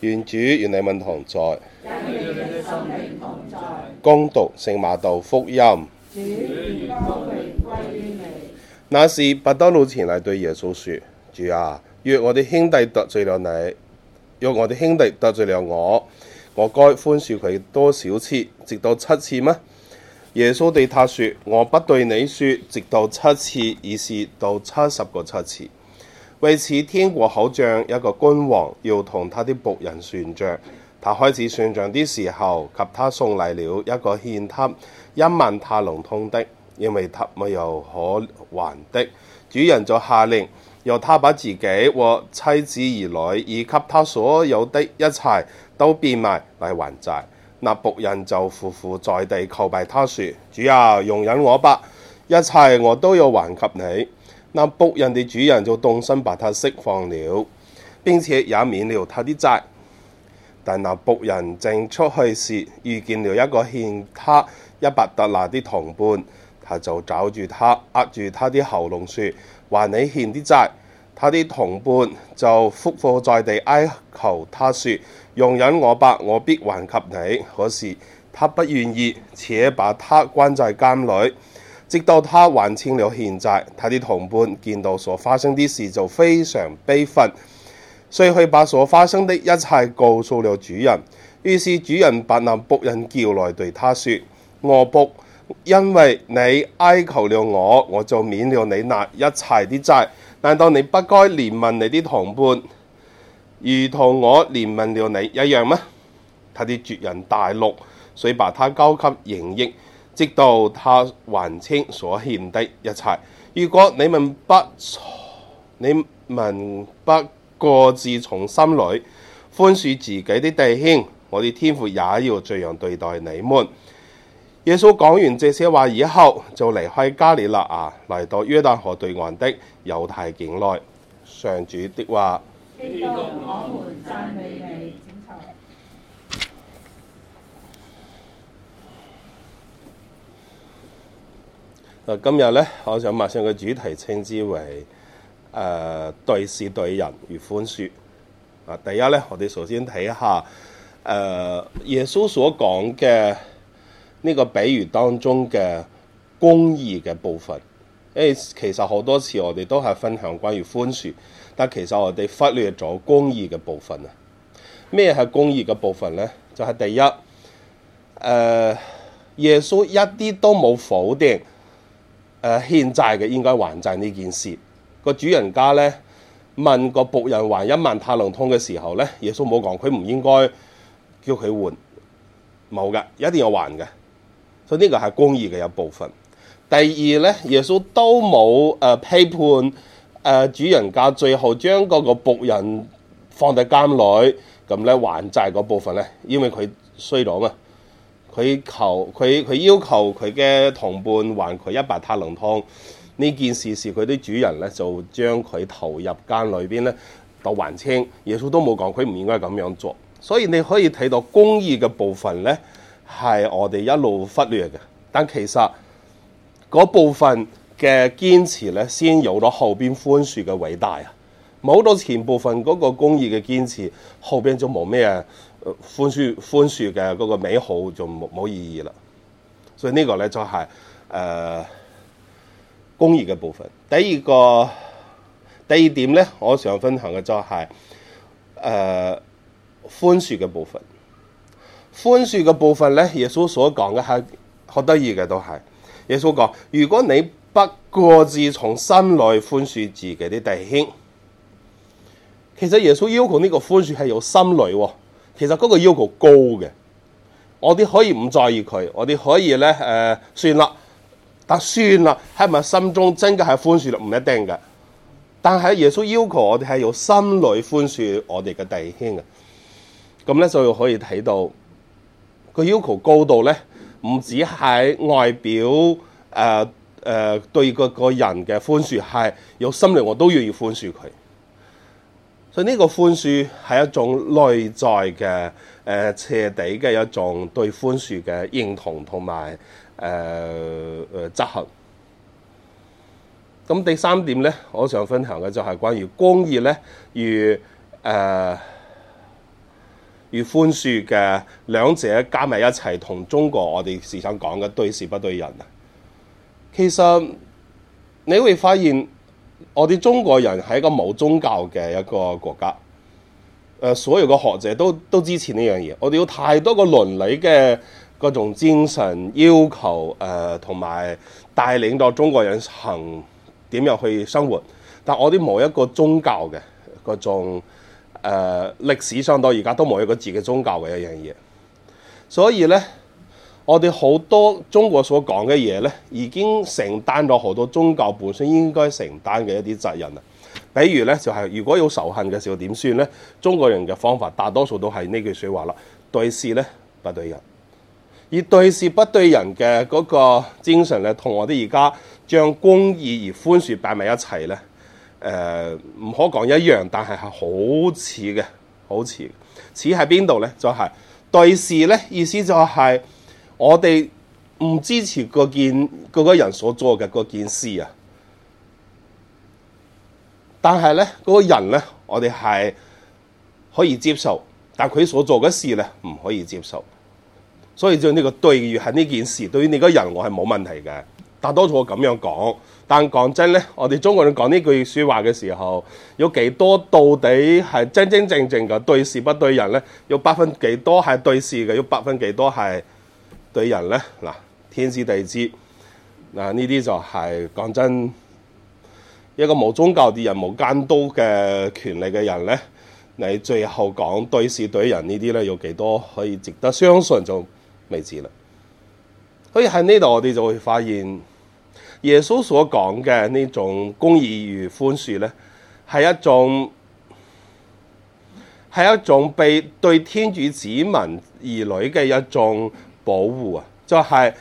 願主願你們同在，願你的生命同在。恭讀聖馬竇福音，主，願光榮歸於你。那時伯多祿前嚟對耶穌說：主啊，若我的兄弟得罪了你，若我的兄弟得罪了我，我該寬恕佢多少次？直到七次嗎？耶穌對他說：我不對你說，直到七次，已是到七十個七次。為此，天國好像一個君王，要同他的僕人算賬。他開始算賬的時候，給他送嚟了一個欠他一萬塔冷通的，因為他冇有可還的。主人就下令，由他把自己和妻子兒女以及他所有的一切都變賣嚟還債。那僕人就俯伏在地叩拜他說，說：主啊，容忍我吧，一切我都要還給你。那僕人的主人就動身，把他釋放了，並且也免了他的債。但那僕人正出去時，遇見了一個欠他一百德納啲同伴，他就找住他，握住他的喉嚨說，說，還你欠啲債。他的同伴就俯伏在地哀求他說：容忍我吧，我必還給你。可是他不願意，且把他關在監裏。直到他還清了欠債，他啲同伴見到所發生啲事就非常悲憤，所以佢把所發生的一切告訴了主人。於是主人把那僕人叫來對他說：惡僕，因為你哀求了我，我就免了你那一切啲債。難道你不該憐憫你啲同伴，如同我憐憫了你一樣嗎？他啲絕人大怒，所以把他交給刑役，直到他還清所欠的一切。如果你們不，你們不各自從心裏寬恕自己的弟兄，我的天父也要這樣對待你們。耶穌講完這些話以後，就離開加里肋亞，嚟到約旦河對岸的猶太境內，上主的話。今日咧，我想默想嘅主題稱之為誒、對、呃、事對人如寬恕。啊，第一咧，我哋首先睇下誒、呃、耶穌所講嘅呢個比喻當中嘅公義嘅部分。誒，其實好多次我哋都係分享關於寬恕，但其實我哋忽略咗公義嘅部分啊。咩係公義嘅部分咧？就係、是、第一誒、呃，耶穌一啲都冇否定。呃、欠債嘅應該還債呢件事，個主人家呢問個僕人還一萬塔冷通嘅時候呢，耶穌冇講佢唔應該叫佢還，冇㗎，一定要還嘅。所以呢個係公義嘅一部分。第二呢，耶穌都冇誒、呃、批判誒、呃、主人家最後將嗰個僕人放喺監裏，咁呢還債嗰部分呢，因為佢衰咗嘛。佢求佢，佢要求佢嘅同伴還佢一百塔冷通呢件事，是佢啲主人咧，就將佢投入監裏邊，咧就還清，耶穌都冇講佢唔應該咁樣做，所以你可以睇到公義嘅部分咧係我哋一路忽略嘅，但其實嗰部分嘅堅持咧先有咗後邊寬恕嘅偉大啊！冇到前部分嗰個公義嘅堅持，後邊就冇咩啊！寬恕寬恕嘅嗰個美好就冇冇意義啦。所以這個呢個咧就係、是、誒、呃、公義嘅部分。第二個第二點咧，我想分享嘅就係誒寬恕嘅部分。寬恕嘅部分咧，耶穌所講嘅係好得意嘅，都係耶穌講，如果你不過自從心內寬恕自己啲弟兄，其實耶穌要求呢個寬恕係有心內、哦。其實嗰個要求高嘅，我哋可以唔在意佢，我哋可以咧誒、呃、算啦，但算啦係咪心中真嘅係寬恕啦？唔一定嘅，但係耶穌要求我哋係有心裏寬恕我哋嘅弟兄嘅，咁咧就可以睇到個要求高到咧，唔止係外表誒誒、呃呃、對個個人嘅寬恕，係有心理，我都要要寬恕佢。對呢個寬恕係一種內在嘅誒、呃、徹底嘅一種對寬恕嘅認同同埋誒誒執行。咁第三點咧，我想分享嘅就係關於公義咧與誒、呃、與寬恕嘅兩者加埋一齊，同中國我哋時常講嘅對事不對人啊。其實你會發現。我哋中國人係一個冇宗教嘅一個國家，誒、呃，所有嘅學者都都支持呢樣嘢。我哋有太多個倫理嘅嗰種精神要求，誒、呃，同埋帶領到中國人行點樣去生活。但我哋冇一個宗教嘅嗰種誒、呃，歷史上到而家都冇一個自己宗教嘅一樣嘢，所以咧。我哋好多中國所講嘅嘢咧，已經承擔咗好多宗教本身應該承擔嘅一啲責任啦。比如咧，就係、是、如果有仇恨嘅時候點算咧？中國人嘅方法大多數都係呢句説話啦。對事咧，不對人。而對事不對人嘅嗰個精神咧，同我哋而家將公義而寬恕擺埋一齊咧，誒、呃、唔可講一樣，但係係好似嘅，好似似喺邊度咧？就係、是、對事咧，意思就係、是。我哋唔支持嗰件嗰個，個人所做嘅嗰件事啊，但係咧嗰個人咧，我哋係可以接受，但佢所做嘅事咧唔可以接受。所以就呢個對於，係呢件事對於你個人我係冇問題嘅。大多數我咁樣講，但講真咧，我哋中國人講呢句說話嘅時候，有幾多到底係真真正正嘅對事不對人咧？有百分幾多係對事嘅？有百分幾多係？對人咧，嗱天知地知，嗱呢啲就係、是、講真一個無宗教嘅人、無監督嘅權力嘅人咧，你最後講對事對人呢啲咧，有幾多可以值得相信就未知啦。所以喺呢度我哋就會發現，耶穌所講嘅呢種公義與寬恕咧，係一種係一種被對天主子民而來嘅一種。保護啊，就係、是、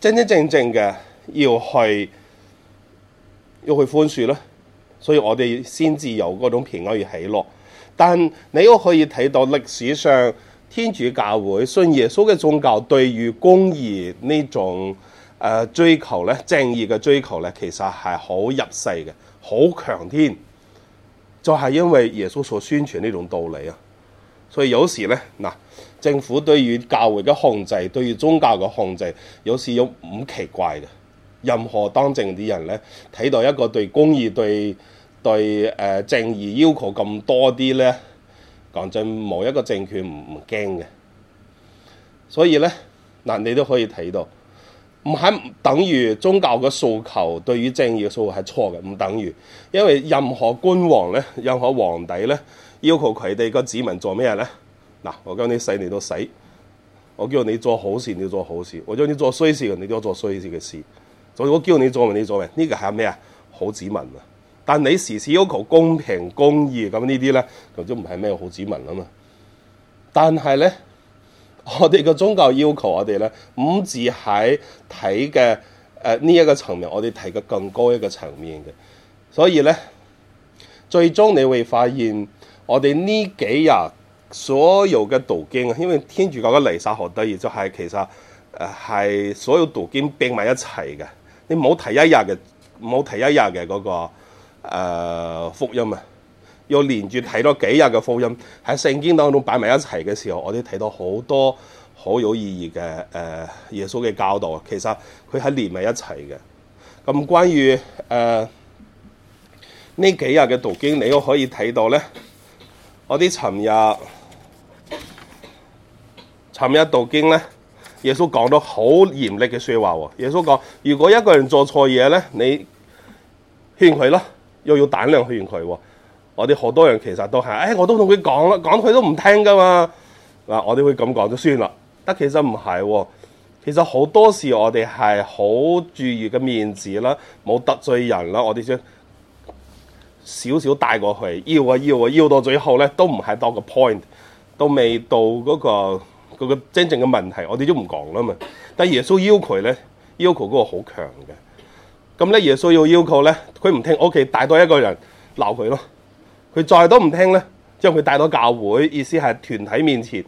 真真正正嘅要去要去寬恕啦。所以我哋先至有嗰種平安與喜樂。但你又可以睇到歷史上天主教會信耶穌嘅宗教，對於公義呢種誒、呃、追求咧、正義嘅追求咧，其實係好入世嘅，好強天。就係、是、因為耶穌所宣傳呢種道理啊。所以有時咧，嗱，政府對於教會嘅控制，對於宗教嘅控制，有時有咁奇怪嘅。任何當政啲人咧，睇到一個對公義、對對誒、呃、正義要求咁多啲咧，講真，冇一個政權唔唔驚嘅。所以咧，嗱，你都可以睇到，唔係等於宗教嘅訴求對於正義嘅訴求係錯嘅，唔等於，因為任何君王咧，任何皇帝咧。要求佢哋個子民做咩咧？嗱，我叫你死你都死，我叫你做好事你做好事，我叫你做衰事嘅你都要做衰事嘅事。所以我叫你做咩你做咩，呢個係咩啊？好子民啊！但你時時要求公平公義咁呢啲咧，就都唔係咩好子民啦嘛。但係咧，我哋個宗教要求我哋咧，唔止喺睇嘅、誒呢一個層面，我哋睇嘅更高一個層面嘅。所以咧，最終你會發現。我哋呢幾日所有嘅讀經啊，因為天主教嘅彌撒好得意，就係、是、其實誒係所有讀經並埋一齊嘅。你唔好睇一日嘅，唔好睇一日嘅嗰個誒、呃、福音啊，要連住睇多幾日嘅福音喺聖經當中擺埋一齊嘅時候，我哋睇到好多好有意義嘅誒、呃、耶穌嘅教導。其實佢係連埋一齊嘅。咁關於誒呢、呃、幾日嘅讀經，你都可以睇到咧。我啲尋日尋日道經咧，耶穌講到好嚴厲嘅説話喎、哦。耶穌講，如果一個人做錯嘢咧，你勸佢咯，又要膽量勸佢喎。我啲好多人其實都係，哎，我都同佢講啦，講佢都唔聽噶嘛。嗱，我哋會咁講就算啦。但其實唔係喎，其實好多時我哋係好注意嘅面子啦，冇得罪人啦，我哋先。少少帶過去，要啊要啊，要到最後咧都唔係多個 point，都未到嗰、嗰個、嗰個真正嘅問題，我哋都唔講啦嘛。但耶穌要求咧，要求嗰個好強嘅。咁咧耶穌要要求咧，佢唔聽，我 k 帶多一個人鬧佢咯。佢再都唔聽咧，將佢帶到教會，意思係團體面前。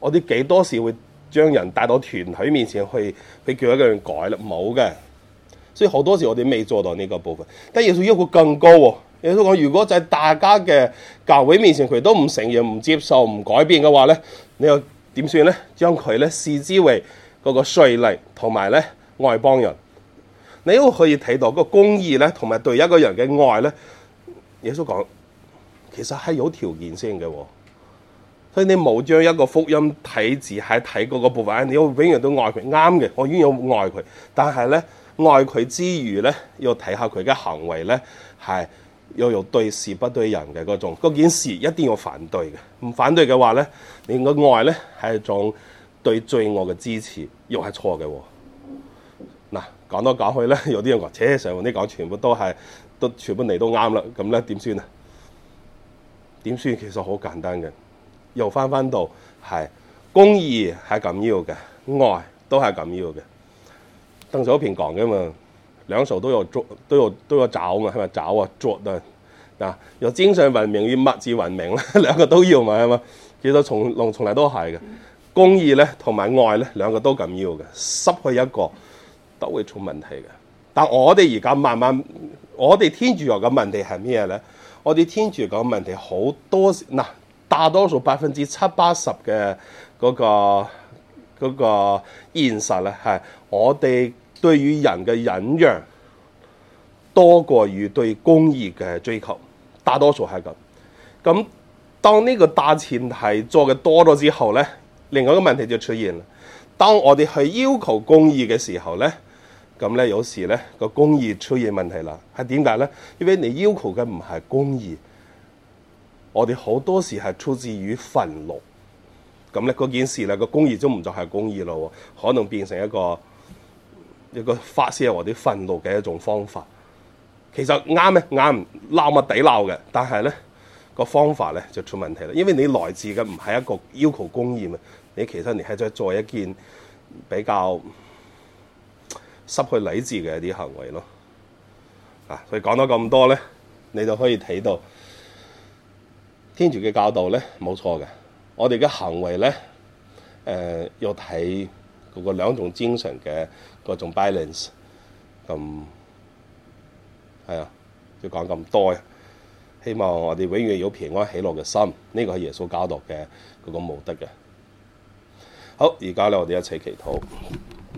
我哋幾多時會將人帶到團體面前去俾叫一個人改咧？冇嘅。所以好多時我哋未做到呢個部分。但耶穌要求更高哦。耶穌講：如果在大家嘅教會面前，佢都唔承認、唔接受、唔改變嘅話咧，你又點算咧？將佢咧視之為嗰個稅吏同埋咧外邦人。你都可以睇到嗰個公義咧，同埋對一個人嘅愛咧。耶穌講：其實係有條件先嘅喎。所以你冇將一個福音睇只係睇嗰部分，你要永遠都愛佢。啱嘅，我永遠愛佢。但係咧，愛佢之餘咧，要睇下佢嘅行為咧，係。要有對事不對人嘅嗰種，嗰件事一定要反對嘅。唔反對嘅話咧，你嘅愛咧係一種對罪惡嘅支持，又係錯嘅喎。嗱，講多講去咧，有啲人話，車，上你講全部都係都全部嚟都啱啦，咁咧點算啊？點算？其實好簡單嘅，又翻翻到係公義係咁要嘅，愛都係咁要嘅。鄧小平講嘅嘛。兩手都有捉都有都有爪嘛，係咪爪啊捉啊嗱，又精神文明與物質文明啦，兩個都要嘛，係嘛，其實從從嚟都係嘅，公義咧同埋愛咧，兩個都咁要嘅，失去一個都會出問題嘅。但我哋而家慢慢，我哋天主教嘅問題係咩咧？我哋天主教嘅問題好多，嗱、呃，大多數百分之七八十嘅嗰、嗰個嗰、嗰個嗰個現實咧，係我哋。對於人嘅忍讓多過於對公義嘅追求，大多數係咁。咁當呢個大前提做嘅多咗之後咧，另外一個問題就出現啦。當我哋去要求公義嘅時候咧，咁咧有時咧個公義出現問題啦，係點解咧？因為你要求嘅唔係公義，我哋好多時係出自於憤怒。咁咧嗰件事咧個公義都唔就係公義咯，可能變成一個。一個發洩或者憤怒嘅一種方法，其實啱咩？啱鬧咪抵鬧嘅，但係咧、這個方法咧就出問題啦，因為你來自嘅唔係一個要求公義啊，你其實你係在做一件比較失去理智嘅一啲行為咯，啊，所以講到咁多咧，你就可以睇到天主嘅教導咧冇錯嘅，我哋嘅行為咧，誒、呃、要睇。嗰個兩種精神嘅嗰種 balance 咁係啊，要好講咁多。希望我哋永遠有平安喜樂嘅心，呢、這個係耶穌教導嘅嗰個目的嘅。好，而家咧，我哋一齊祈禱。